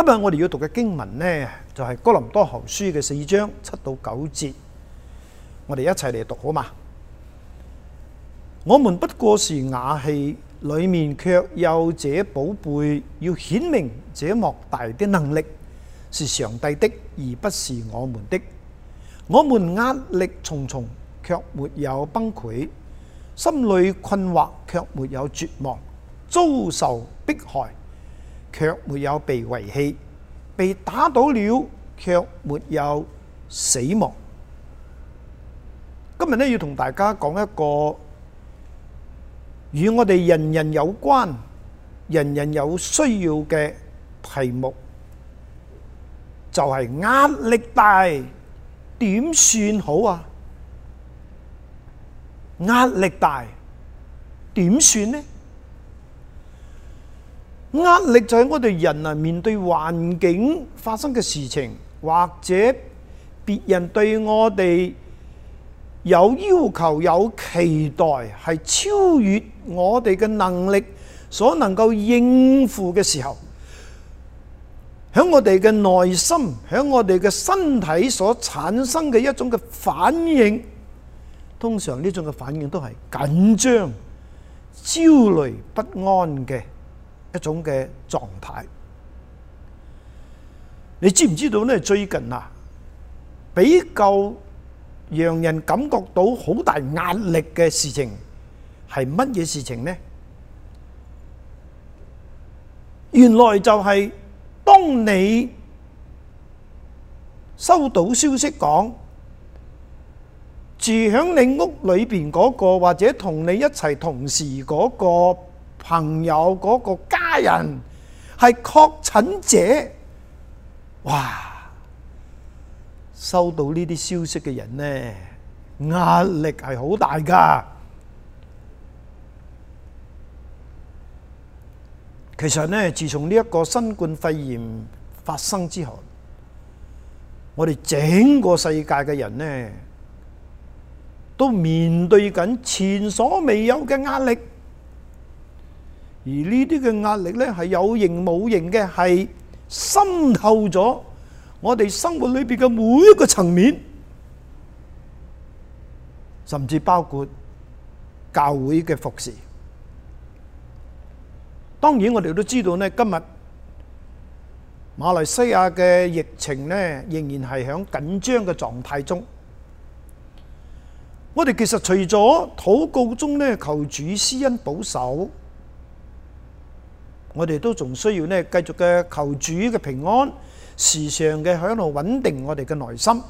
今日我哋要讀嘅經文呢，就係哥林多後書嘅四章七到九節，我哋一齊嚟讀好嗎。我們不過是瓦器，裏面卻有這寶貝，要顯明這莫大的能力是上帝的，而不是我們的。我們壓力重重，卻沒有崩潰；心裏困惑，卻沒有絕望；遭受迫害。卻沒有被遺棄，被打倒了，卻沒有死亡。今日呢，要同大家講一個與我哋人人有關、人人有需要嘅題目，就係壓力大點算好啊？壓力大點算呢？壓力就係我哋人啊，面對環境發生嘅事情，或者別人對我哋有要求、有期待，係超越我哋嘅能力所能夠應付嘅時候，喺我哋嘅內心，喺我哋嘅身體所產生嘅一種嘅反應，通常呢種嘅反應都係緊張、焦慮、不安嘅。一種嘅狀態，你知唔知道咧？最近啊，比較讓人感覺到好大壓力嘅事情係乜嘢事情呢？原來就係當你收到消息講住喺你屋裏邊嗰個或者同你一齊同時嗰個朋友嗰個家。人係確診者，哇！收到呢啲消息嘅人呢，壓力係好大㗎。其實呢，自從呢一個新冠肺炎發生之後，我哋整個世界嘅人呢，都面對緊前所未有嘅壓力。而呢啲嘅壓力咧，係有形冇形嘅，係滲透咗我哋生活裏邊嘅每一個層面，甚至包括教會嘅服侍。當然，我哋都知道呢，今日馬來西亞嘅疫情呢，仍然係喺緊張嘅狀態中。我哋其實除咗禱告中咧，求主施恩保守。我哋都仲需要咧，繼續嘅求主嘅平安，時常嘅響度穩定我哋嘅內心。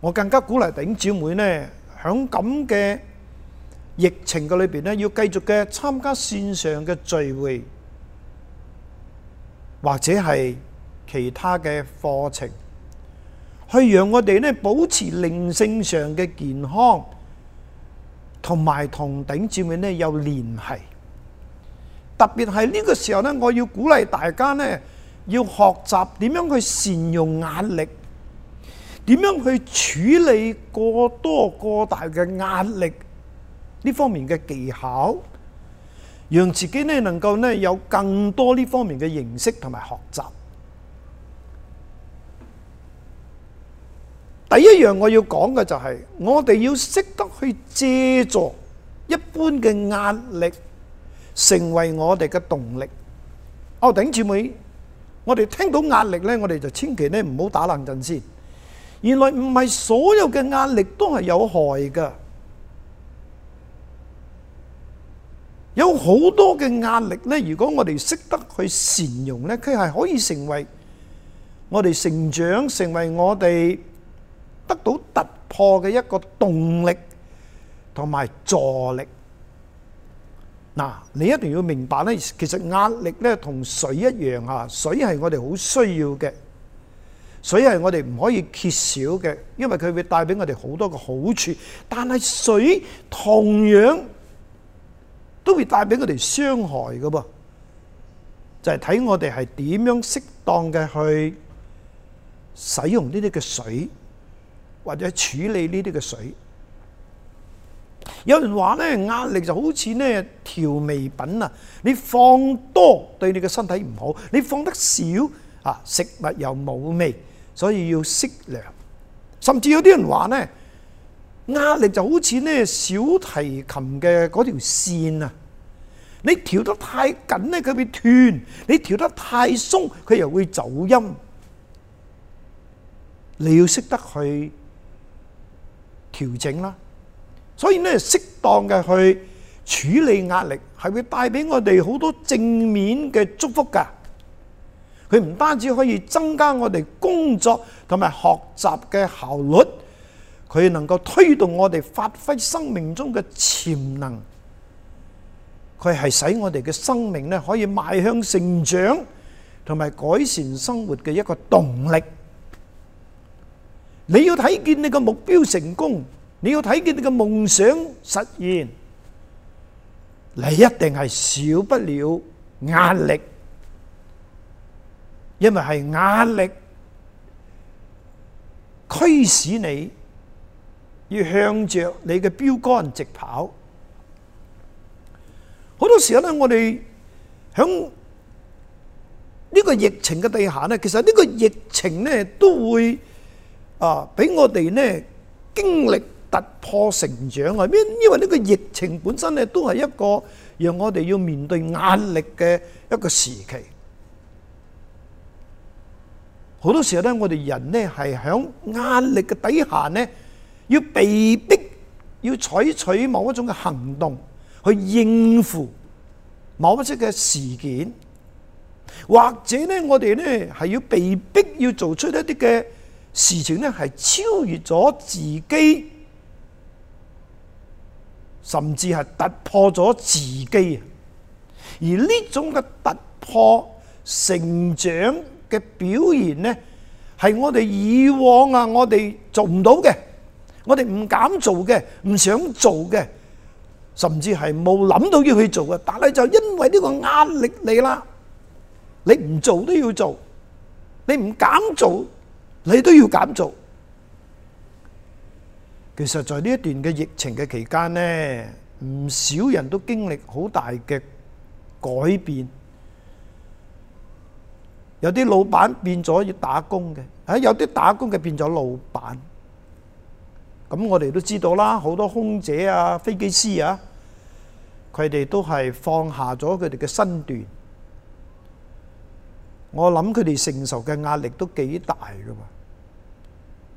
我更加鼓勵頂姊妹咧，響咁嘅疫情嘅裏邊咧，要繼續嘅參加線上嘅聚會，或者係其他嘅課程，去讓我哋咧保持靈性上嘅健康，同埋同頂姊妹咧有聯繫。特別係呢個時候呢，我要鼓勵大家呢，要學習點樣去善用壓力，點樣去處理過多過大嘅壓力呢方面嘅技巧，讓自己呢能夠呢有更多呢方面嘅認識同埋學習。第一樣我要講嘅就係，我哋要識得去借助一般嘅壓力，成為我哋嘅動力。哦，頂姐妹，我哋聽到壓力呢，我哋就千祈呢唔好打冷陣先。原來唔係所有嘅壓力都係有害噶，有好多嘅壓力呢，如果我哋識得去善用呢，佢係可以成為我哋成長、成為我哋得到突破嘅一個動力同埋助力。嗱，你一定要明白咧，其實壓力咧同水一樣啊，水係我哋好需要嘅，水係我哋唔可以缺少嘅，因為佢會帶俾我哋好多嘅好處。但係水同樣都會帶俾我哋傷害嘅噃，就係睇我哋係點樣適當嘅去使用呢啲嘅水，或者處理呢啲嘅水。有人話咧，壓力就好似咧調味品啊，你放多對你嘅身體唔好，你放得少啊食物又冇味，所以要適量。甚至有啲人話咧，壓力就好似咧小提琴嘅嗰條線啊，你調得太緊咧佢會斷，你調得太鬆佢又會走音，你要識得去調整啦，啊。所以呢適當嘅去處理壓力，係會帶俾我哋好多正面嘅祝福㗎。佢唔單止可以增加我哋工作同埋學習嘅效率，佢能夠推動我哋發揮生命中嘅潛能。佢係使我哋嘅生命呢可以邁向成長，同埋改善生活嘅一個動力。你要睇見你嘅目標成功。你要睇見你嘅夢想實現，你一定係少不了壓力，因為係壓力驅使你要向着你嘅標杆直跑。好多時候呢，我哋響呢個疫情嘅底下呢，其實呢個疫情呢都會啊俾我哋呢經歷突破成長係因為呢個疫情本身咧，都係一個讓我哋要面對壓力嘅一個時期。好多時候呢，我哋人呢係響壓力嘅底下呢要被迫要採取某一種嘅行動去應付某一些嘅事件，或者呢我哋呢係要被迫要做出一啲嘅事情呢係超越咗自己。甚至係突破咗自己，而呢種嘅突破成長嘅表現呢，係我哋以往啊，我哋做唔到嘅，我哋唔敢做嘅，唔想做嘅，甚至係冇諗到要去做嘅，但係就因為呢個壓力你啦，你唔做都要做，你唔敢做，你都要敢做。其實在呢一段嘅疫情嘅期間呢，唔少人都經歷好大嘅改變。有啲老闆變咗要打工嘅，啊有啲打工嘅變咗老闆。咁我哋都知道啦，好多空姐啊、飛機師啊，佢哋都係放下咗佢哋嘅身段。我諗佢哋承受嘅壓力都幾大㗎嘛。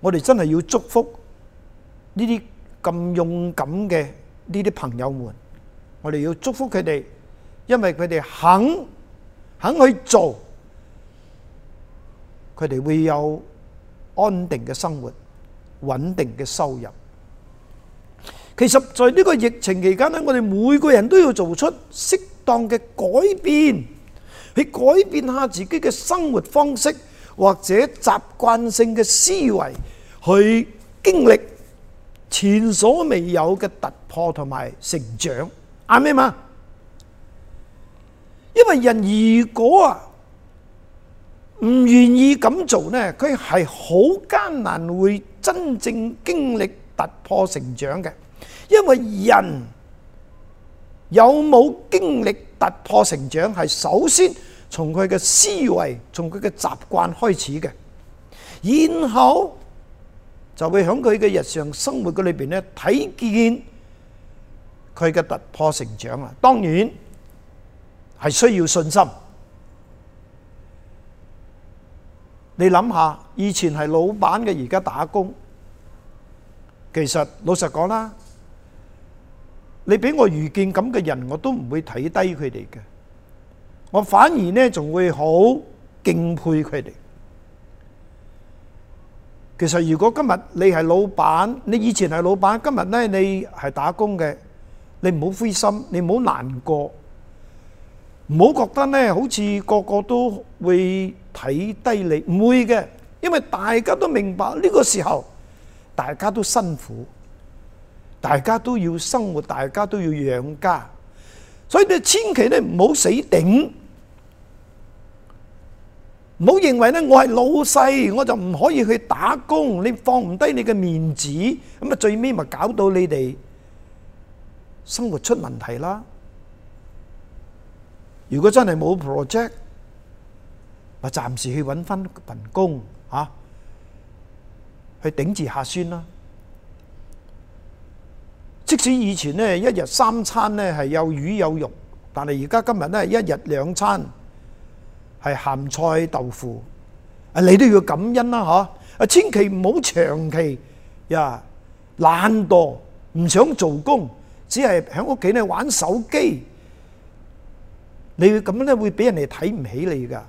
我哋真係要祝福呢啲咁勇敢嘅呢啲朋友們，我哋要祝福佢哋，因為佢哋肯肯去做，佢哋會有安定嘅生活、穩定嘅收入。其實，在呢個疫情期間咧，我哋每個人都要做出適當嘅改變，去改變下自己嘅生活方式或者習慣性嘅思維。去經歷前所未有嘅突破同埋成長，啱咩嘛？因為人如果啊唔願意咁做呢，佢係好艱難會真正經歷突破成長嘅。因為人有冇經歷突破成長，係首先從佢嘅思維、從佢嘅習慣開始嘅，然後。就會喺佢嘅日常生活嘅裏邊呢，睇見佢嘅突破成長啊！當然係需要信心。你諗下，以前係老闆嘅，而家打工，其實老實講啦，你俾我遇見咁嘅人，我都唔會睇低佢哋嘅，我反而呢仲會好敬佩佢哋。其實如果今日你係老闆，你以前係老闆，今日呢你係打工嘅，你唔好灰心，你唔好難過，唔好覺得呢好似個個都會睇低你，唔會嘅，因為大家都明白呢個時候大家都辛苦，大家都要生活，大家都要養家，所以你千祈呢唔好死頂。唔好認為咧，我係老細，我就唔可以去打工。你放唔低你嘅面子，咁啊最尾咪搞到你哋生活出問題啦。如果真係冇 project，咪暫時去搵翻份工、吓、去頂住下先啦。即使以前呢一日三餐呢係有魚有肉，但係而家今日呢係一日兩餐。係鹹菜豆腐，啊你都要感恩啦嚇！啊千祈唔好長期呀懶惰，唔想做工，只係喺屋企咧玩手機。你會咁樣咧，會俾人哋睇唔起你噶。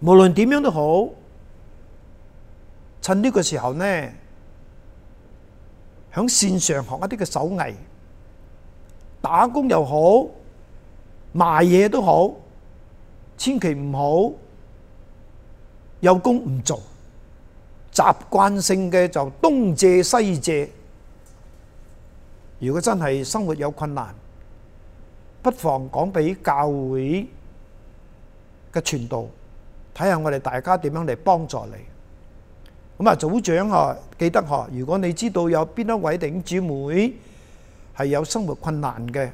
無論點樣都好，趁呢個時候呢，喺線上學一啲嘅手藝，打工又好。賣嘢都好，千祈唔好有工唔做，習慣性嘅就東借西借。如果真係生活有困難，不妨講俾教會嘅傳道睇下，我哋大家點樣嚟幫助你。咁啊，組長啊，記得嗬，如果你知道有邊一位弟兄姊妹係有生活困難嘅。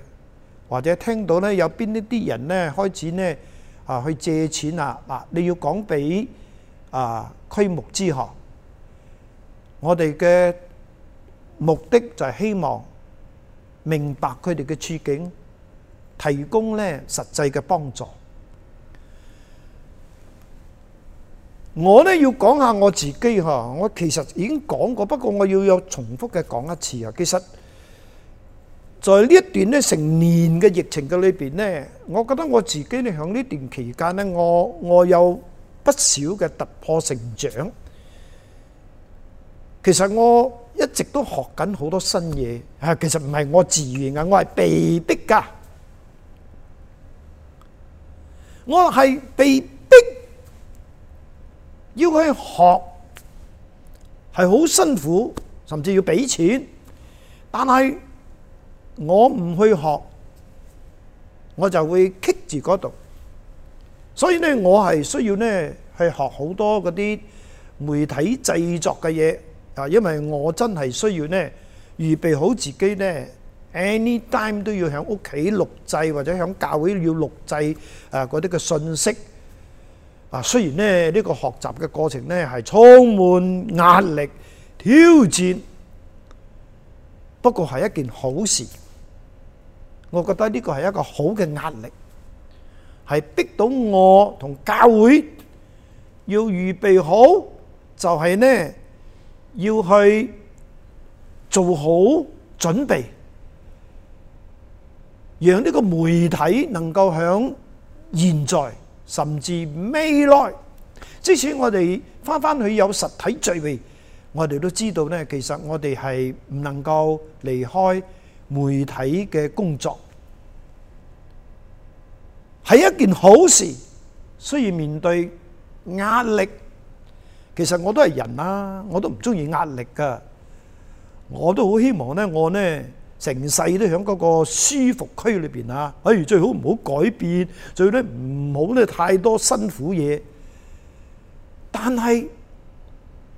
或者聽到呢，有邊一啲人呢，開始呢啊去借錢啊，嗱，你要講俾啊區牧支行，我哋嘅目的就係希望明白佢哋嘅處境，提供呢實際嘅幫助。我呢要講下我自己嚇，我其實已經講過，不過我要有重複嘅講一次啊，其實。在呢一段咧成年嘅疫情嘅裏邊咧，我覺得我自己咧喺呢段期間咧，我我有不少嘅突破成長。其實我一直都學緊好多新嘢，嚇，其實唔係我自願噶，我係被逼噶，我係被逼要去學，係好辛苦，甚至要俾錢，但係。我唔去學，我就會棘住嗰度。所以呢，我係需要呢去學好多嗰啲媒體製作嘅嘢啊，因為我真係需要呢預備好自己呢，any time 都要響屋企錄製或者響教會要錄製誒嗰啲嘅信息啊。雖然呢呢個學習嘅過程呢係充滿壓力、挑戰，不過係一件好事。我覺得呢個係一個好嘅壓力，係逼到我同教會要預備好，就係呢，要去做好準備，讓呢個媒體能夠喺現在，甚至未來。即使我哋翻返去有實體聚會，我哋都知道呢，其實我哋係唔能夠離開媒體嘅工作。係一件好事，雖然面對壓力，其實我都係人啦、啊，我都唔中意壓力噶，我都好希望呢，我呢成世都喺嗰個舒服區裏邊啊。譬、哎、如最好唔好改變，最好唔好咧太多辛苦嘢。但係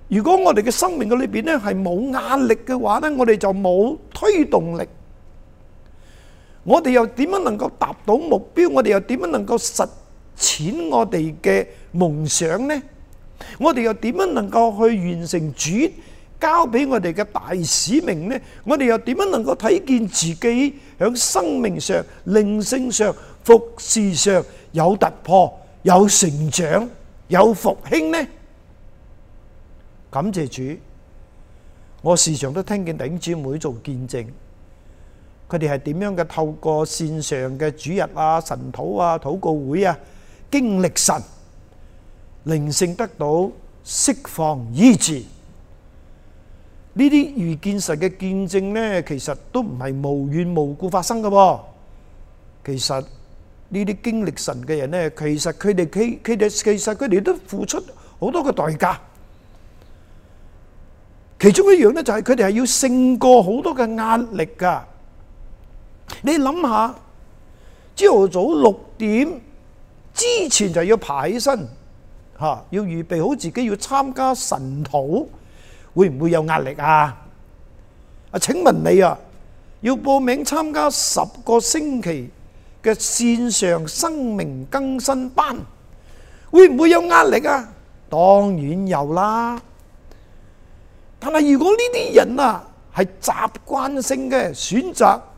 如果我哋嘅生命嘅裏邊呢係冇壓力嘅話呢，我哋就冇推動力。我哋又點樣能夠達到目標？我哋又點樣能夠實踐我哋嘅夢想呢？我哋又點樣能夠去完成主交俾我哋嘅大使命呢？我哋又點樣能夠睇見自己響生命上、靈性上、服事上有突破、有成長、有復興呢？感謝主，我時常都聽見弟兄姊妹做見證。佢哋係點樣嘅？透過線上嘅主日啊、神禱啊、禱告會啊，經歷神靈性得到釋放醫治。呢啲遇見神嘅見證咧，其實都唔係無緣無故發生嘅。其實呢啲經歷神嘅人咧，其實佢哋佢佢哋其實佢哋都付出好多嘅代價。其中一樣咧，就係佢哋係要勝過好多嘅壓力噶。你諗下，朝早六點之前就要爬起身，吓要預備好自己要參加晨禱，會唔會有壓力啊？啊，請問你啊，要報名參加十個星期嘅線上生命更新班，會唔會有壓力啊？當然有啦。但係如果呢啲人啊係習慣性嘅選擇。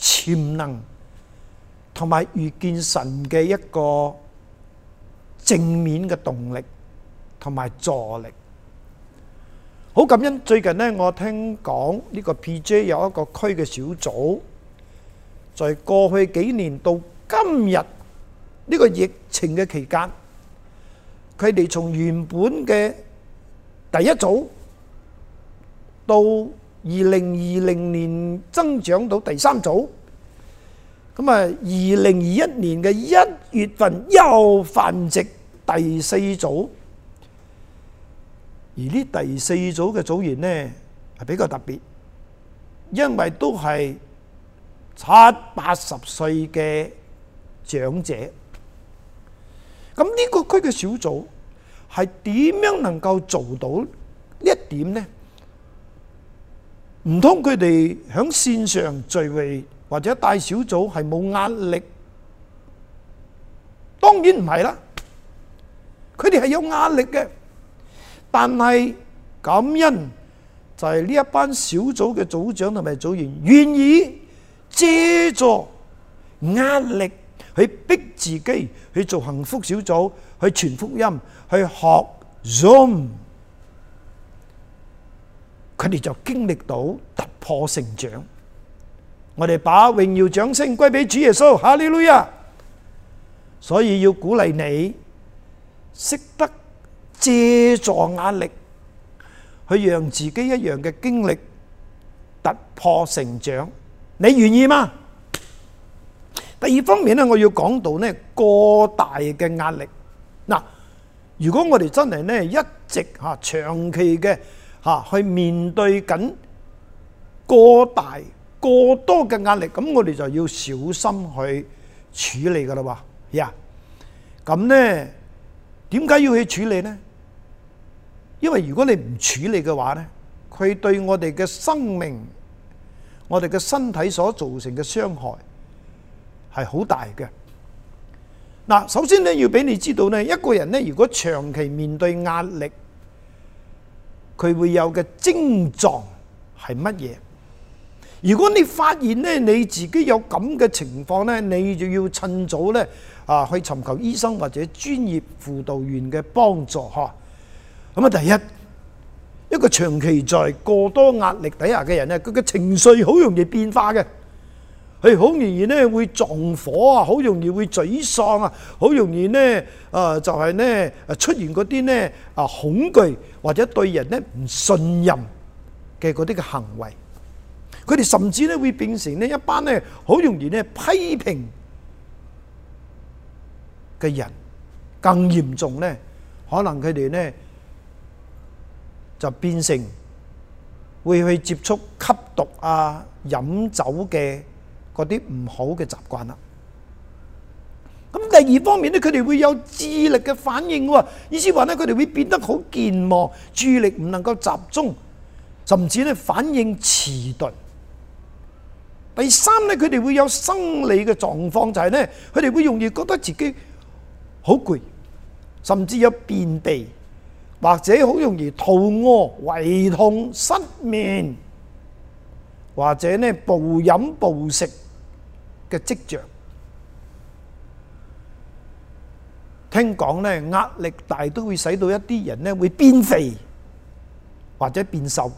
潛能同埋遇見神嘅一個正面嘅動力同埋助力，好感恩。最近呢，我聽講呢個 PJ 有一個區嘅小組，在過去幾年到今日呢個疫情嘅期間，佢哋從原本嘅第一組到二零二零年增長到第三組，咁啊，二零二一年嘅一月份又繁殖第四組，而呢第四組嘅組員呢係比較特別，因為都係七八十歲嘅長者。咁呢個區嘅小組係點樣能夠做到呢一點呢？唔通佢哋喺線上聚會，或者帶小組係冇壓力？當然唔係啦，佢哋係有壓力嘅。但係感恩就係呢一班小組嘅組長同埋組員願意借助壓力去逼自己去做幸福小組，去傳福音，去學 Zoom。佢哋就經歷到突破成長，我哋把榮耀掌聲歸俾主耶穌，哈利路亞。所以要鼓勵你識得借助壓力去讓自己一樣嘅經歷突破成長，你願意嗎？第二方面咧，我要講到咧過大嘅壓力。嗱，如果我哋真係咧一直嚇長期嘅。吓，去面對緊過大過多嘅壓力，咁我哋就要小心去處理噶啦，喎呀。咁呢點解要去處理呢？因為如果你唔處理嘅話呢，佢對我哋嘅生命、我哋嘅身體所造成嘅傷害係好大嘅。嗱，首先呢要俾你知道呢，一個人呢，如果長期面對壓力，佢會有嘅症狀係乜嘢？如果你發現咧你自己有咁嘅情況呢，你就要趁早咧啊去尋求醫生或者專業輔導員嘅幫助嚇。咁啊，第一一個長期在過多壓力底下嘅人咧，佢嘅情緒好容易變化嘅。佢好容易咧會撞火啊，好容易會沮喪啊，好容易咧啊，就係咧出現嗰啲咧啊恐懼或者對人咧唔信任嘅嗰啲嘅行為。佢哋甚至咧會變成咧一班咧好容易咧批評嘅人，更嚴重咧可能佢哋咧就變成會去接觸吸毒啊、飲酒嘅，嗰啲唔好嘅習慣啦。咁第二方面咧，佢哋會有智力嘅反應，意思話咧，佢哋會變得好健忘，注意力唔能夠集中，甚至咧反應遲鈍。第三咧，佢哋會有生理嘅狀況，就係咧，佢哋會容易覺得自己好攰，甚至有便秘，或者好容易肚餓、胃痛、失眠，或者咧暴飲暴食。嘅跡象，聽講呢壓力大都會使到一啲人呢會變肥或者變瘦，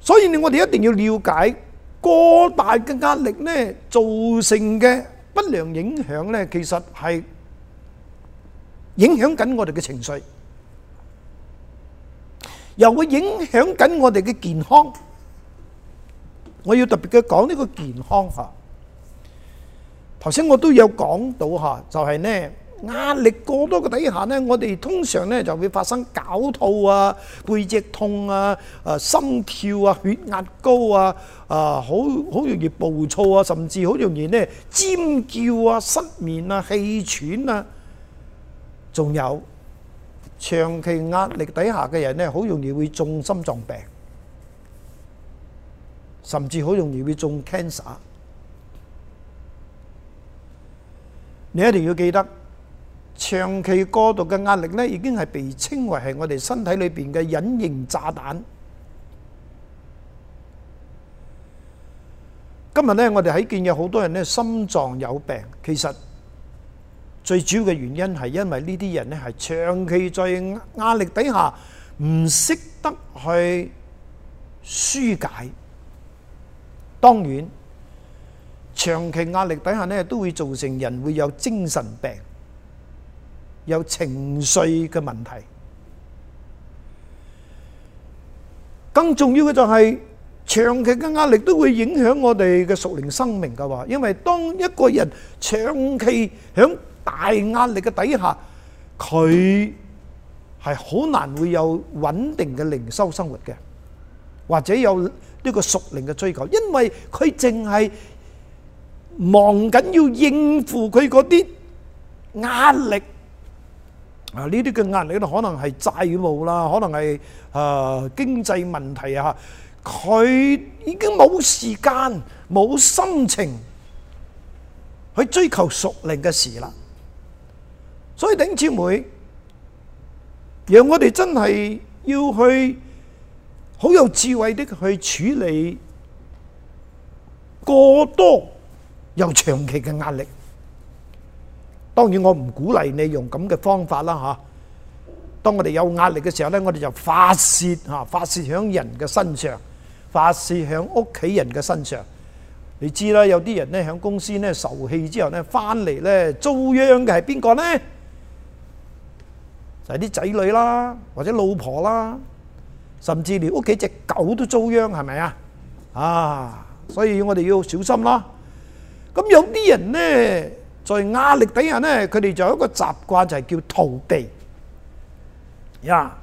所以你我哋一定要了解過大嘅壓力呢造成嘅不良影響呢，其實係影響緊我哋嘅情緒，又會影響緊我哋嘅健康。我要特別嘅講呢個健康嚇。頭先我都有講到嚇，就係咧壓力過多嘅底下呢，我哋通常呢就會發生攪肚啊、背脊痛啊、啊心跳啊、血壓高啊、啊好好容易暴躁啊，甚至好容易呢尖叫啊、失眠啊、氣喘啊，仲有長期壓力底下嘅人呢，好容易會中心臟病。甚至好容易會中 cancer。你一定要記得，長期過度嘅壓力呢，已經係被稱為係我哋身體裏邊嘅隱形炸彈。今日呢，我哋喺見有好多人呢，心臟有病，其實最主要嘅原因係因為呢啲人呢係長期在壓力底下唔識得去疏解。當然，長期壓力底下呢，都會造成人會有精神病、有情緒嘅問題。更重要嘅就係長期嘅壓力都會影響我哋嘅屬靈生命嘅話，因為當一個人長期喺大壓力嘅底下，佢係好難會有穩定嘅靈修生活嘅，或者有。呢個屬靈嘅追求，因為佢淨係忙緊要應付佢嗰啲壓力啊！呢啲嘅壓力咧，可能係債務啦，可能係啊經濟問題啊，佢已經冇時間、冇心情去追求屬靈嘅事啦。所以頂姊妹，讓我哋真係要去好有智慧的去處理過多又長期嘅壓力。當然我唔鼓勵你用咁嘅方法啦，吓。當我哋有壓力嘅時候咧，我哋就發洩吓，發洩喺人嘅身上，發洩喺屋企人嘅身上。你知啦，有啲人咧喺公司咧受氣之後咧，翻嚟，咧遭殃嘅係邊個咧？就係啲仔女啦，或者老婆啦。甚至連屋企隻狗都遭殃，係咪啊？啊！所以我哋要小心啦。咁有啲人呢，在壓力底下呢，佢哋就有一個習慣，就係叫逃避。呀，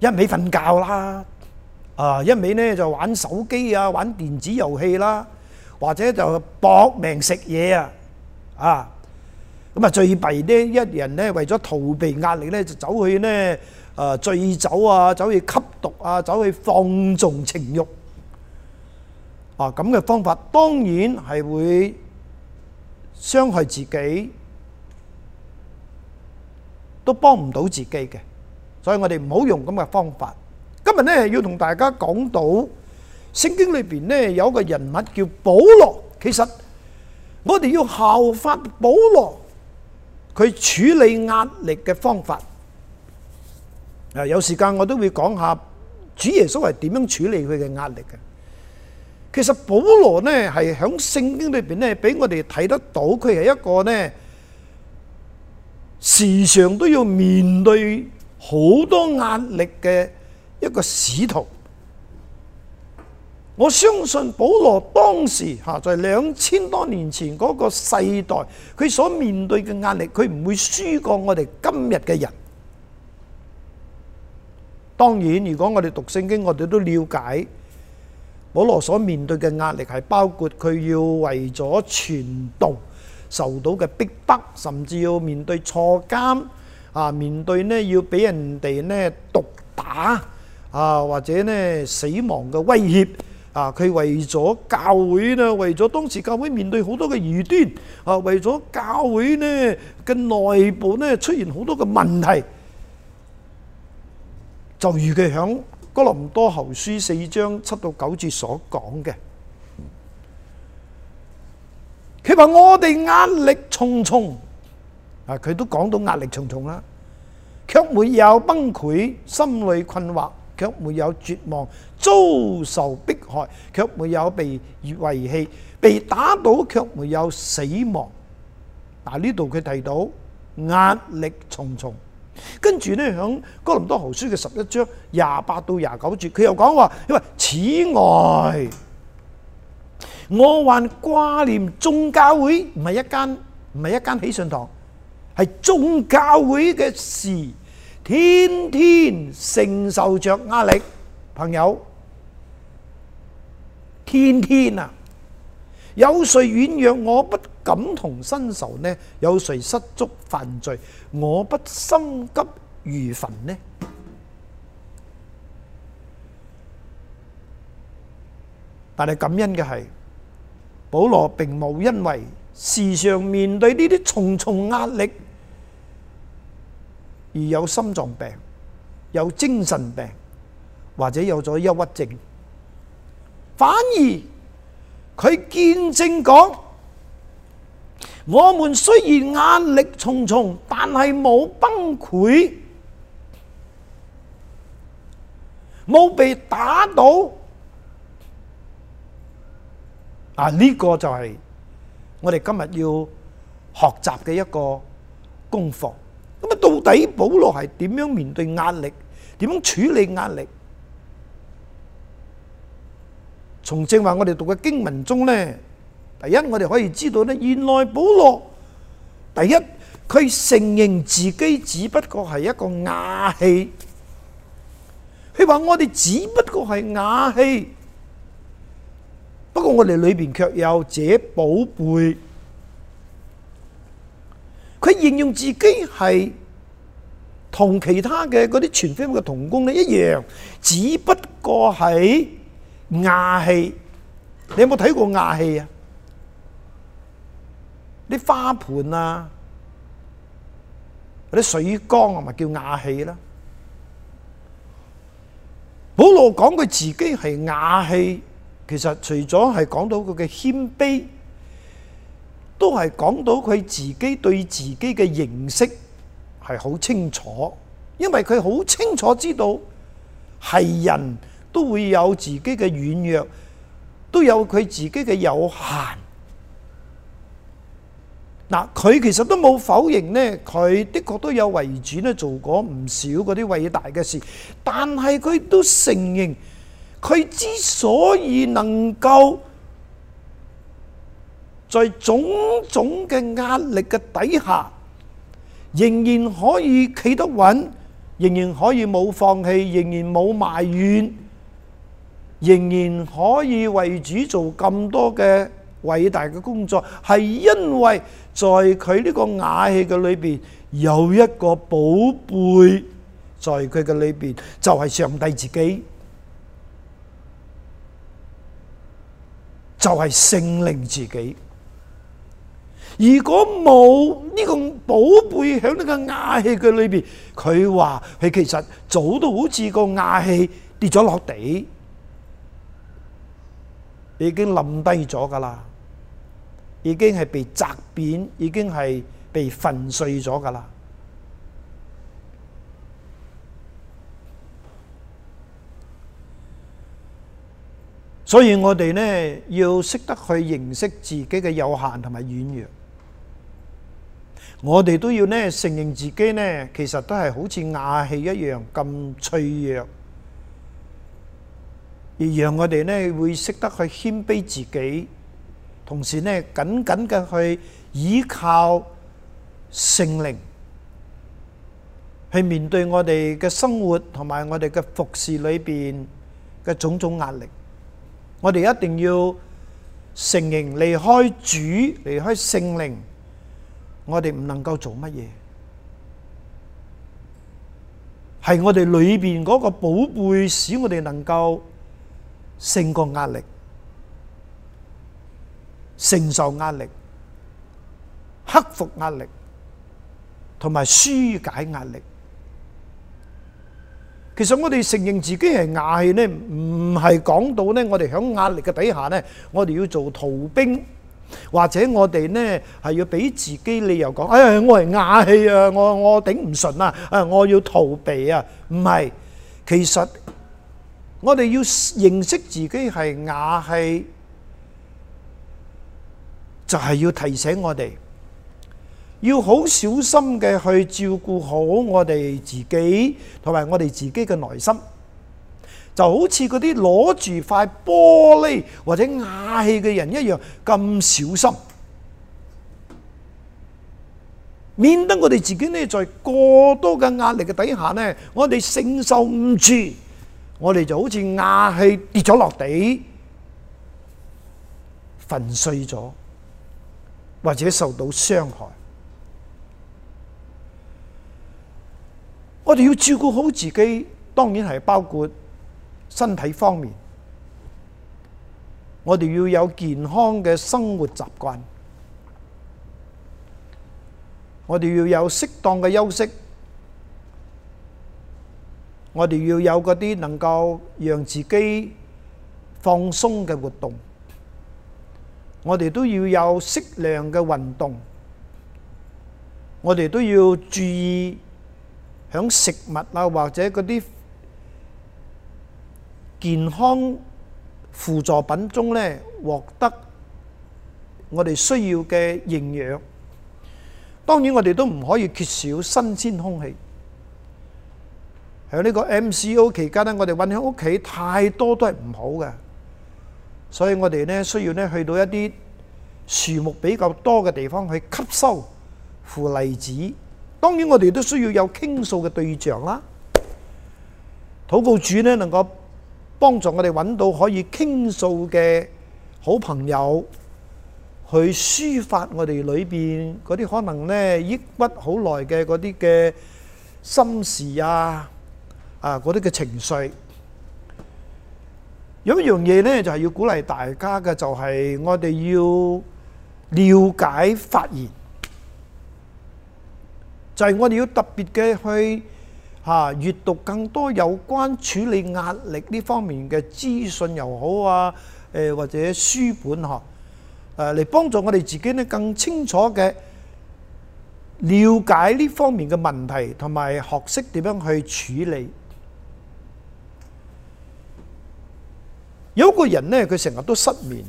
一味瞓覺啦，啊，一味呢就玩手機啊，玩電子遊戲啦，或者就搏命食嘢啊，啊，咁啊最弊呢，一人呢為咗逃避壓力呢，就走去呢。誒、呃，醉酒啊，走去吸毒啊，走去放縱情慾啊，咁、啊、嘅方法當然係會傷害自己，都幫唔到自己嘅，所以我哋唔好用咁嘅方法。今日呢，要同大家講到聖經裏邊呢，有個人物叫保羅，其實我哋要效法保羅，佢處理壓力嘅方法。啊，有時間我都會講下主耶穌係點樣處理佢嘅壓力嘅。其實保羅呢係喺聖經裏邊呢，俾我哋睇得到佢係一個呢時常都要面對好多壓力嘅一個使徒。我相信保羅當時嚇，在兩千多年前嗰個世代，佢所面對嘅壓力，佢唔會輸過我哋今日嘅人。當然，如果我哋讀聖經，我哋都瞭解保羅所面對嘅壓力係包括佢要為咗傳道受到嘅逼迫，甚至要面對坐監啊，面對呢要俾人哋呢毒打啊，或者呢死亡嘅威脅啊。佢為咗教會呢，為咗當時教會面對好多嘅異端啊，為咗教會呢嘅內部呢出現好多嘅問題。就如佢喺哥林多後書四章七到九節所講嘅，佢話我哋壓力重重，啊，佢都講到壓力重重啦，卻沒有崩潰、心裏困惑，卻沒有絕望、遭受迫害，卻沒有被遺棄、被打倒，卻沒有死亡。嗱，呢度佢提到壓力重重。跟住咧，喺《哥林多後書》嘅十一章廿八到廿九節，佢又講話：因為此外，我還掛念眾教會，唔係一間，唔係一間喜信堂，係眾教會嘅事，天天承受著壓力，朋友，天天啊！有誰軟弱，我不感同身受呢？有誰失足犯罪，我不心急如焚呢？但係感恩嘅係，保羅並冇因為時常面對呢啲重重壓力而有心臟病、有精神病或者有咗憂鬱症，反而。佢見證講，我們雖然壓力重重，但係冇崩潰，冇被打倒。啊！呢個就係我哋今日要學習嘅一個功課。咁啊，到底保羅係點樣面對壓力？點樣處理壓力？從正話我哋讀嘅經文中呢，第一我哋可以知道呢，原來保羅第一佢承認自己只不過係一個瓦器，佢話我哋只不過係瓦器。不過我哋裏邊卻有這寶貝，佢形容自己係同其他嘅嗰啲傳福音嘅同工咧一樣，只不過係。瓦器，你有冇睇過瓦器啊？啲花盆啊，啲水缸啊，咪叫瓦器啦。保羅講佢自己係瓦器，其實除咗係講到佢嘅謙卑，都係講到佢自己對自己嘅認識係好清楚，因為佢好清楚知道係人。都會有自己嘅軟弱，都有佢自己嘅有限。嗱、呃，佢其實都冇否認呢，佢的確都有為主咧做過唔少嗰啲偉大嘅事，但係佢都承認，佢之所以能夠在種種嘅壓力嘅底下，仍然可以企得穩，仍然可以冇放棄，仍然冇埋怨。仍然可以為主做咁多嘅偉大嘅工作，係因為在佢呢個瓦器嘅裏邊有一個寶貝在佢嘅裏邊，就係上帝自己，就係聖靈自己。如果冇呢個寶貝喺呢個瓦器嘅裏邊，佢話佢其實早都好似個瓦器跌咗落地。已經冧低咗噶啦，已經係被砸扁，已經係被粉碎咗噶啦。所以我哋呢要識得去認識自己嘅有限同埋軟弱，我哋都要呢承認自己呢其實都係好似瓦器一樣咁脆弱。讓我哋呢會識得去謙卑自己，同時呢緊緊嘅去依靠聖靈，去面對我哋嘅生活同埋我哋嘅服侍裏邊嘅種種壓力。我哋一定要承認離開主、離開聖靈，我哋唔能夠做乜嘢。係我哋裏邊嗰個寶貝，使我哋能夠。勝過壓力，承受壓力，克服壓力，同埋紓解壓力。其實我哋承認自己係亞氣呢，唔係講到呢，我哋響壓力嘅底下呢，我哋要做逃兵，或者我哋呢係要俾自己理由講，唉，我係亞氣啊，我我頂唔順啊，啊，我要逃避啊。唔係，其實。我哋要認識自己係瓦器，就係要提醒我哋，要好小心嘅去照顧好我哋自己，同埋我哋自己嘅內心，就好似嗰啲攞住塊玻璃或者瓦器嘅人一樣，咁小心，免得我哋自己呢，在過多嘅壓力嘅底下呢，我哋承受唔住。我哋就好似瓦器跌咗落地，粉碎咗，或者受到傷害。我哋要照顧好自己，當然係包括身體方面。我哋要有健康嘅生活習慣，我哋要有適當嘅休息。我哋要有嗰啲能夠讓自己放鬆嘅活動，我哋都要有適量嘅運動，我哋都要注意響食物啊或者嗰啲健康輔助品中咧獲得我哋需要嘅營養。當然，我哋都唔可以缺少新鮮空氣。喺呢個 MCO 期間咧，我哋揾喺屋企太多都係唔好嘅，所以我哋咧需要咧去到一啲樹木比較多嘅地方去吸收負離子。當然，我哋都需要有傾訴嘅對象啦。禱告主咧，能夠幫助我哋揾到可以傾訴嘅好朋友，去抒發我哋裏邊嗰啲可能咧抑鬱好耐嘅嗰啲嘅心事啊。啊！嗰啲嘅情緒有一樣嘢呢，就係、是、要鼓勵大家嘅，就係、是、我哋要了解發言，就係、是、我哋要特別嘅去嚇閱、啊、讀更多有關處理壓力呢方面嘅資訊又好啊、呃，或者書本學嚟幫助我哋自己呢更清楚嘅了解呢方面嘅問題同埋學識點樣去處理。有個人呢，佢成日都失眠，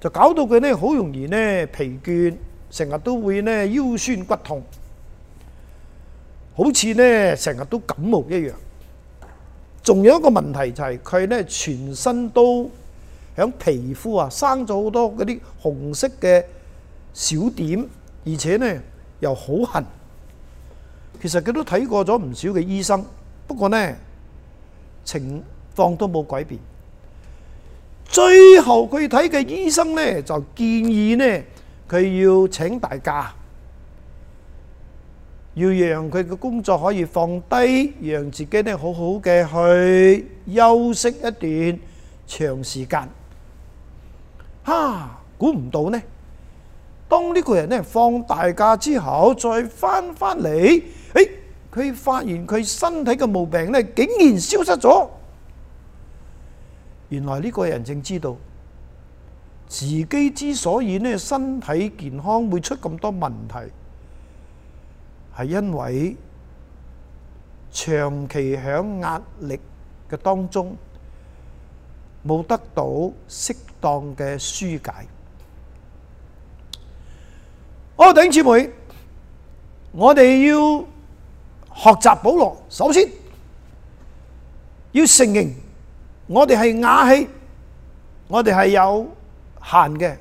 就搞到佢呢好容易呢疲倦，成日都會呢腰酸骨痛，好似呢成日都感冒一樣。仲有一個問題就係佢呢全身都響皮膚呀生咗好多嗰啲紅色嘅小點，而且呢又好痕。其實佢都睇過咗唔少嘅醫生，不過呢情況都冇改變。最後佢睇嘅醫生呢，就建議呢佢要請大假，要讓佢嘅工作可以放低，讓自己呢好好嘅去休息一段長時間。吓，估唔到呢！當呢個人呢放大假之後，再翻翻嚟，誒，佢發現佢身體嘅毛病呢，竟然消失咗。原來呢個人正知道自己之所以呢身體健康會出咁多問題，係因為長期響壓力嘅當中，冇得到適當嘅紓解。哦，弟兄姊妹，我哋要學習保羅，首先要承認。我哋係瓦器，我哋係有限嘅，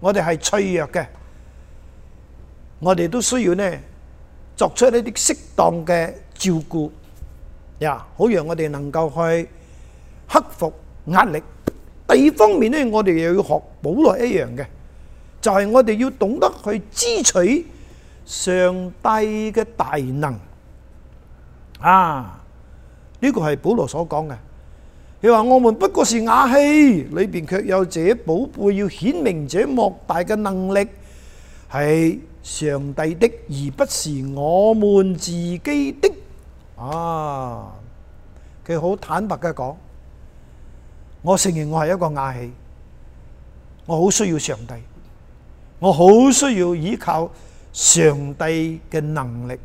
我哋係脆弱嘅，我哋都需要呢作出一啲適當嘅照顧，呀、yeah，好讓我哋能夠去克服壓力。第二方面呢，我哋又要學保羅一樣嘅，就係、是、我哋要懂得去支取上帝嘅大能啊！呢、這個係保羅所講嘅。佢話：我們不過是瓦器，裏邊卻有這寶貝，要顯明這莫大嘅能力係上帝的，而不是我們自己的。啊！佢好坦白嘅講，我承認，我係一個瓦器，我好需要上帝，我好需要依靠上帝嘅能力。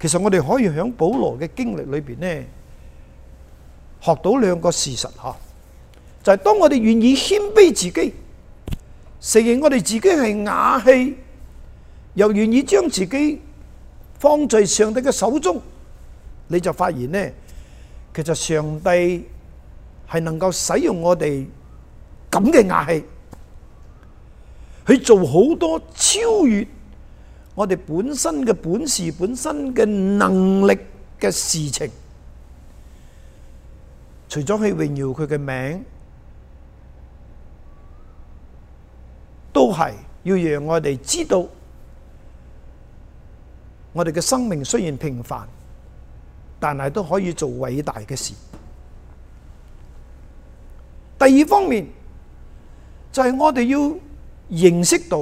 其實我哋可以喺保羅嘅經歷裏邊呢，學到兩個事實吓，就係當我哋願意謙卑自己，承認我哋自己係雅氣，又願意將自己放在上帝嘅手中，你就發現呢，其實上帝係能夠使用我哋咁嘅雅氣去做好多超越我哋本身嘅本事、本身嘅能力嘅事情。除咗去榮耀佢嘅名，都係要讓我哋知道，我哋嘅生命雖然平凡，但係都可以做偉大嘅事。第二方面就係我哋要認識到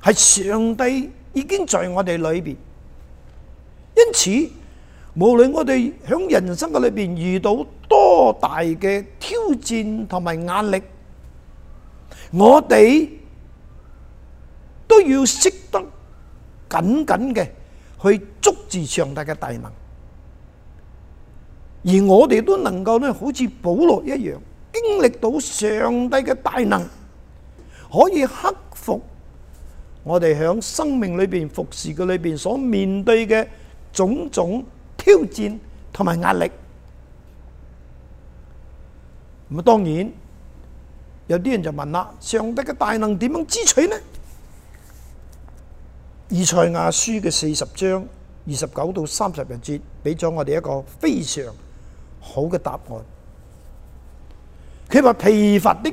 係上帝已經在我哋裏邊，因此。無論我哋喺人生嘅裏邊遇到多大嘅挑戰同埋壓力，我哋都要識得緊緊嘅去捉住上帝嘅大能，而我哋都能夠咧，好似保羅一樣，經歷到上帝嘅大能，可以克服我哋喺生命裏邊服侍嘅裏邊所面對嘅種種。挑戰同埋壓力，咁啊，當然有啲人就問啦：上帝嘅大能點樣支取呢？以賽亞書嘅四十章二十九到三十日節，俾咗我哋一個非常好嘅答案。佢話疲乏的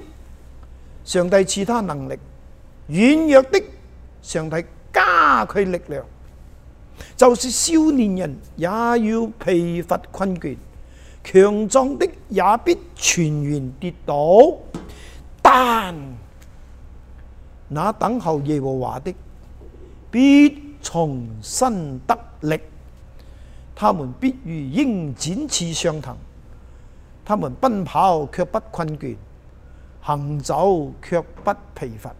上帝賜他能力，軟弱的上帝加佢力量。就是少年人也要疲乏困倦，強壯的也必全然跌倒，但那等候耶和華的必重新得力，他們必如鷹展翅上騰，他們奔跑却不困倦，行走却不疲乏。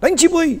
頂住背。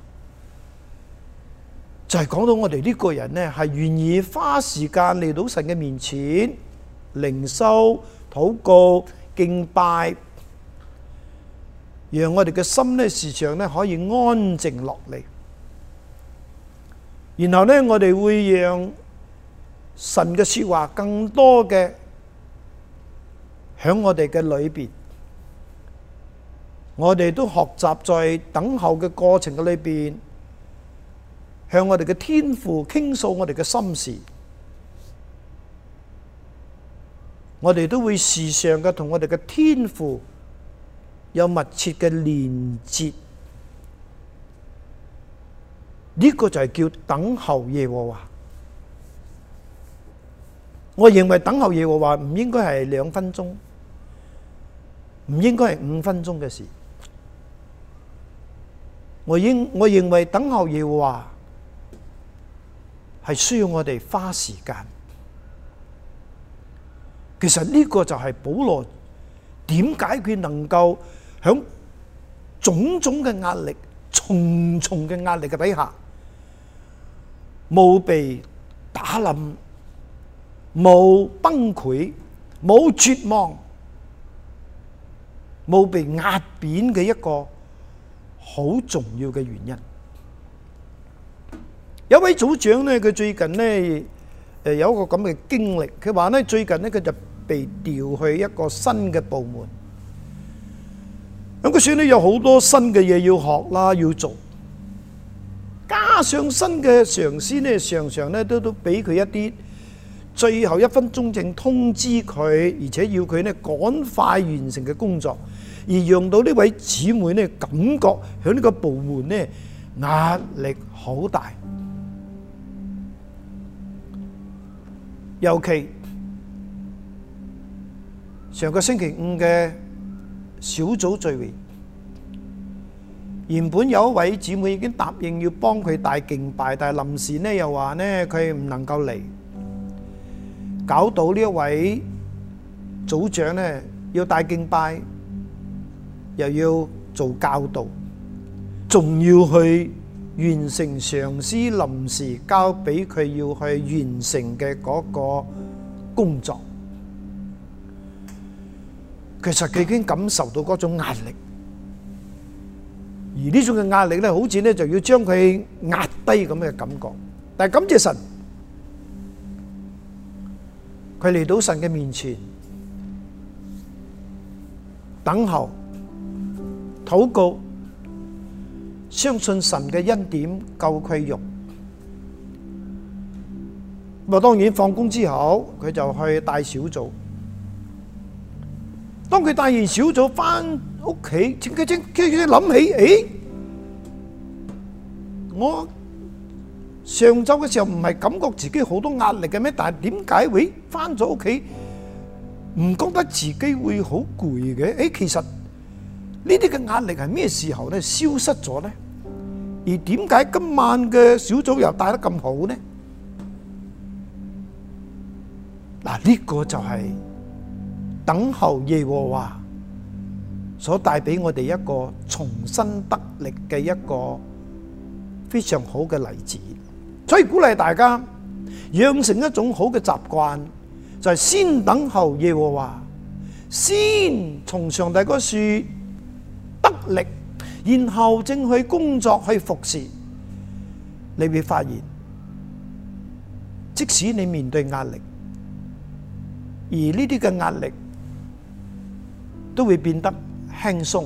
就係講到我哋呢個人呢，係願意花時間嚟到神嘅面前，靈修、禱告、敬拜，讓我哋嘅心呢時常呢可以安靜落嚟。然後呢，我哋會讓神嘅説話更多嘅響我哋嘅裏邊。我哋都學習在等候嘅過程嘅裏邊。向我哋嘅天父傾訴我哋嘅心事，我哋都會時常嘅同我哋嘅天父有密切嘅連接，呢個就係叫等候耶和華。我認為等候耶和華唔應該係兩分鐘，唔應該係五分鐘嘅事。我應我認為等候耶和華，係需要我哋花時間。其實呢個就係保羅點解佢能夠響種種嘅壓力、重重嘅壓力嘅底下，冇被打冧、冇崩潰、冇絕望、冇被壓扁嘅一個好重要嘅原因。有位組長呢，佢最近呢，誒、呃、有一個咁嘅經歷，佢話呢，最近呢，佢就被調去一個新嘅部門。咁佢算呢，有好多新嘅嘢要學啦，要做，加上新嘅上司呢，常常呢，都都俾佢一啲最後一分鐘正通知佢，而且要佢呢趕快完成嘅工作，而讓到呢位姊妹呢，感覺喺呢個部門呢，壓力好大。尤其上個星期五嘅小組聚會，原本有一位姊妹已經答應要幫佢帶敬拜，但係臨時呢又話呢佢唔能夠嚟，搞到呢一位組長呢要帶敬拜，又要做教導，仲要去。完成上司臨時交俾佢要去完成嘅嗰個工作，其實佢已經感受到嗰種壓力，而呢種嘅壓力咧，好似咧就要將佢壓低咁嘅感覺。但係感謝神，佢嚟到神嘅面前等候禱告。相信神嘅恩典夠佢用。咁啊，當然放工之後佢就去帶小組。當佢帶完小組翻屋企，佢即即即諗起，誒，我上晝嘅時候唔係感覺自己好多壓力嘅咩？但係點解會翻咗屋企唔覺得自己會好攰嘅？誒，其實。呢啲嘅壓力係咩時候咧消失咗咧？而點解今晚嘅小組又帶得咁好呢？嗱，呢個就係等候耶和華所帶俾我哋一個重新得力嘅一個非常好嘅例子，所以鼓勵大家養成一種好嘅習慣，就係先等候耶和華，先從上帝嗰說力，然後正去工作去服侍，你會發現，即使你面對壓力，而呢啲嘅壓力都會變得輕鬆。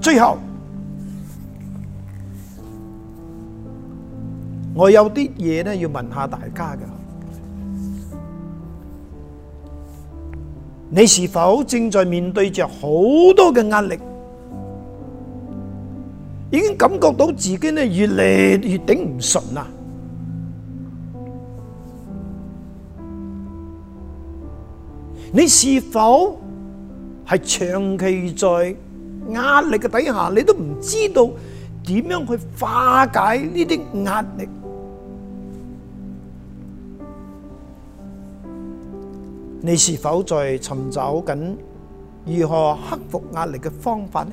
最後，我有啲嘢咧要問下大家㗎。你是否正在面對着好多嘅壓力？已經感覺到自己越嚟越頂唔順啦。你是否係長期在壓力嘅底下，你都唔知道點樣去化解呢啲壓力？你是否在尋找緊如何克服壓力嘅方法呢？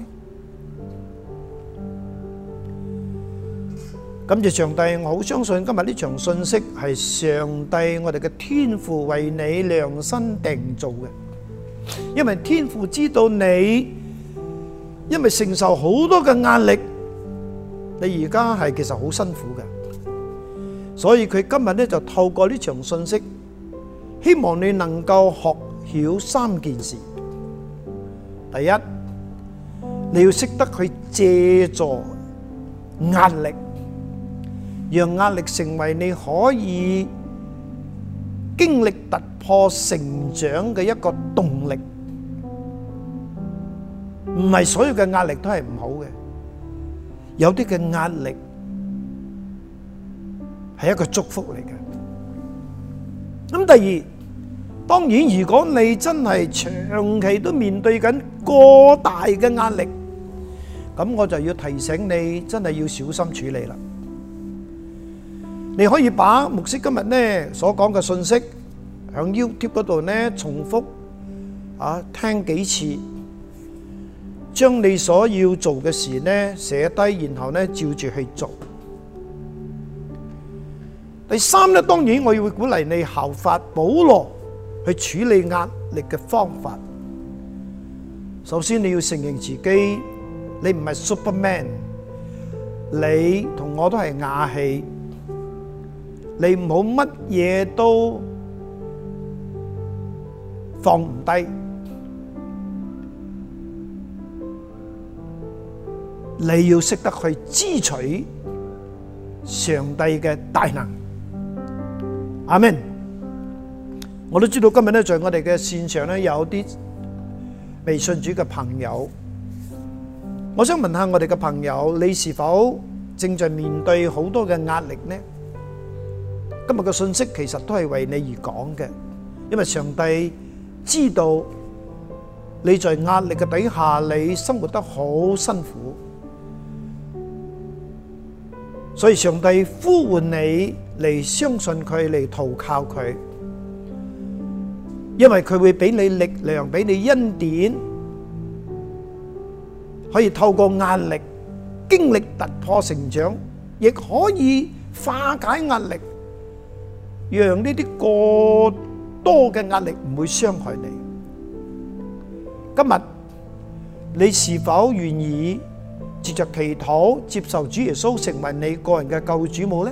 感謝上帝，我好相信今日呢場信息係上帝我哋嘅天父為你量身定做嘅，因為天父知道你，因為承受好多嘅壓力，你而家係其實好辛苦嘅，所以佢今日呢就透過呢場信息。希望你能夠學曉三件事。第一，你要識得去借助壓力，讓壓力成為你可以經歷突破、成長嘅一個動力。唔係所有嘅壓力都係唔好嘅，有啲嘅壓力係一個祝福嚟嘅。咁第二，當然，如果你真係長期都面對緊過大嘅壓力，咁我就要提醒你，真係要小心處理啦。你可以把牧師今日呢所講嘅信息喺 YouTube 嗰度呢重複啊聽幾次，將你所要做嘅事呢寫低，然後呢照住去做。第三咧，當然我要鼓勵你效法保羅去處理壓力嘅方法。首先你要承認自己你唔係 Superman，你同我都係亞氣，你唔好乜嘢都放唔低，你要識得去支取上帝嘅大能。阿門，我都知道今日咧，在我哋嘅線上咧有啲未信主嘅朋友，我想問下我哋嘅朋友，你是否正在面對好多嘅壓力呢？今日嘅信息其實都係為你而講嘅，因為上帝知道你在壓力嘅底下，你生活得好辛苦，所以上帝呼喚你。嚟相信佢，嚟投靠佢，因為佢會俾你力量，俾你恩典，可以透過壓力，經歷突破成長，亦可以化解壓力，讓呢啲過多嘅壓力唔會傷害你。今日你是否願意藉着祈禱接受主耶穌成為你個人嘅救主母呢？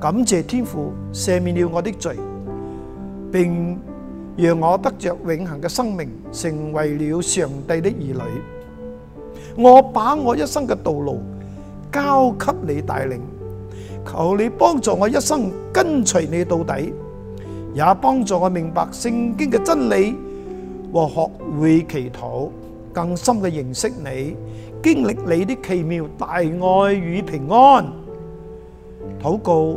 感謝天父赦免了我的罪，並讓我得着永恒嘅生命，成為了上帝的兒女。我把我一生嘅道路交給你帶領，求你幫助我一生跟隨你到底，也幫助我明白聖經嘅真理和學會祈禱，更深嘅認識你，經歷你的奇妙大愛與平安。禱告。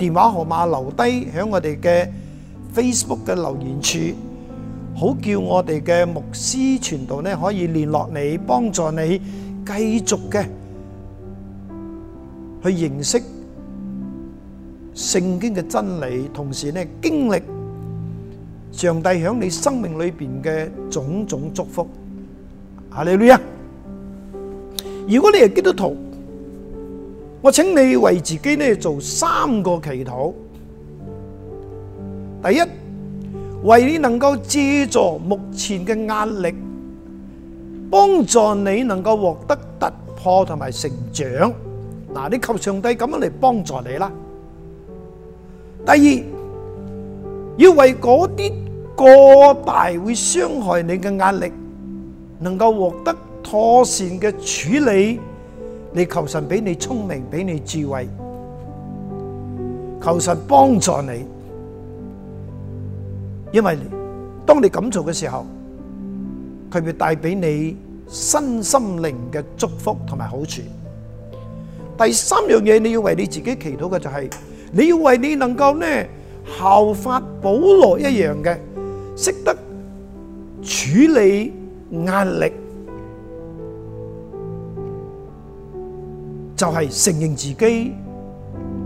電話號碼留低響我哋嘅 Facebook 嘅留言處，好叫我哋嘅牧師傳道呢可以聯絡你，幫助你繼續嘅去認識聖經嘅真理，同時呢經歷上帝響你生命裏邊嘅種種祝福。下你呢？如果你係基督徒。我請你為自己呢做三個祈禱。第一，為你能夠借助目前嘅壓力，幫助你能夠獲得突破同埋成長。嗱，你求上帝咁樣嚟幫助你啦。第二，要為嗰啲過大會傷害你嘅壓力，能夠獲得妥善嘅處理。你求神俾你聰明，俾你智慧，求神幫助你，因為當你咁做嘅時候，佢會帶俾你身心靈嘅祝福同埋好處。第三樣嘢，你要為你自己祈禱嘅，就係，你要為你能夠呢效法保羅一樣嘅，識得處理壓力。就係承認自己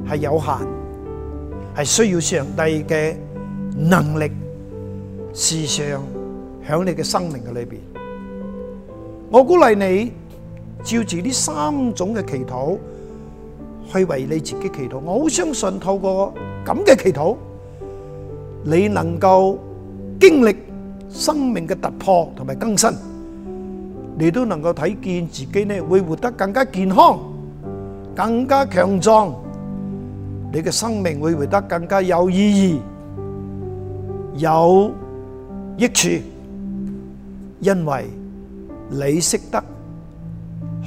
係有限，係需要上帝嘅能力、時常響你嘅生命嘅裏邊。我鼓勵你照住呢三種嘅祈禱去為你自己祈禱。我好相信透過咁嘅祈禱，你能夠經歷生命嘅突破同埋更新，你都能夠睇見自己呢會活得更加健康，更加強壯，你嘅生命會活得更加有意義、有益處，因為你識得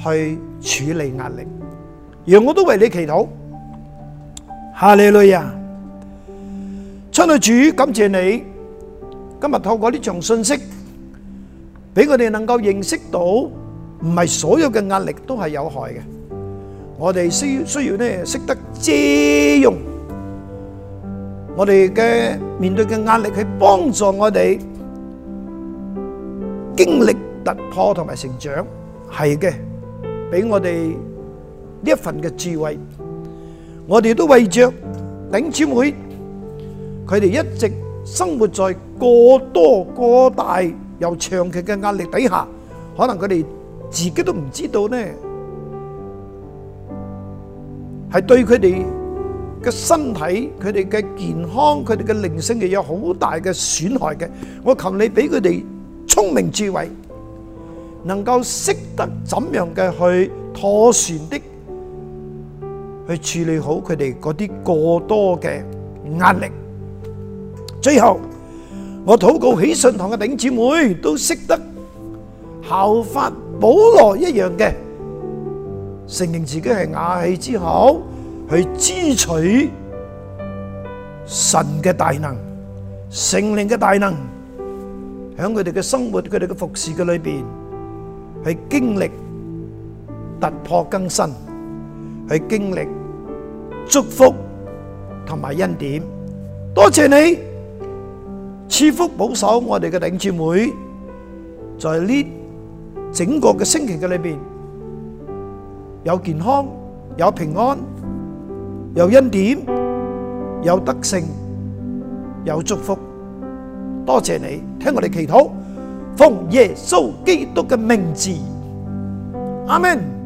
去處理壓力。讓我都為你祈禱，哈利路亞！親愛的主，感謝你今日透過呢場信息，俾我哋能夠認識到，唔係所有嘅壓力都係有害嘅。我哋需要需要呢，識得借用我哋嘅、面對嘅壓力，去幫助我哋經歷突破同埋成長。係嘅，俾我哋呢一份嘅智慧。我哋都為着領千會，佢哋一直生活在過多過大又長期嘅壓力底下，可能佢哋自己都唔知道呢。係對佢哋嘅身體、佢哋嘅健康、佢哋嘅靈性，係有好大嘅損害嘅。我求你俾佢哋聰明智慧，能夠識得怎樣嘅去妥善的去處理好佢哋嗰啲過多嘅壓力。最後，我禱告喜信堂嘅弟兄姊妹都識得效法保羅一樣嘅。承認自己係瓦器之後，去支取神嘅大能、聖靈嘅大能，響佢哋嘅生活、佢哋嘅服侍嘅裏邊，去經歷突破更新，去經歷祝福同埋恩典。多謝你賜福保守我哋嘅頂住會，在呢整個嘅星期嘅裏邊。有健康，有平安，有恩典，有得勝，有祝福。多謝你聽我哋祈禱，奉耶穌基督嘅名字，阿門。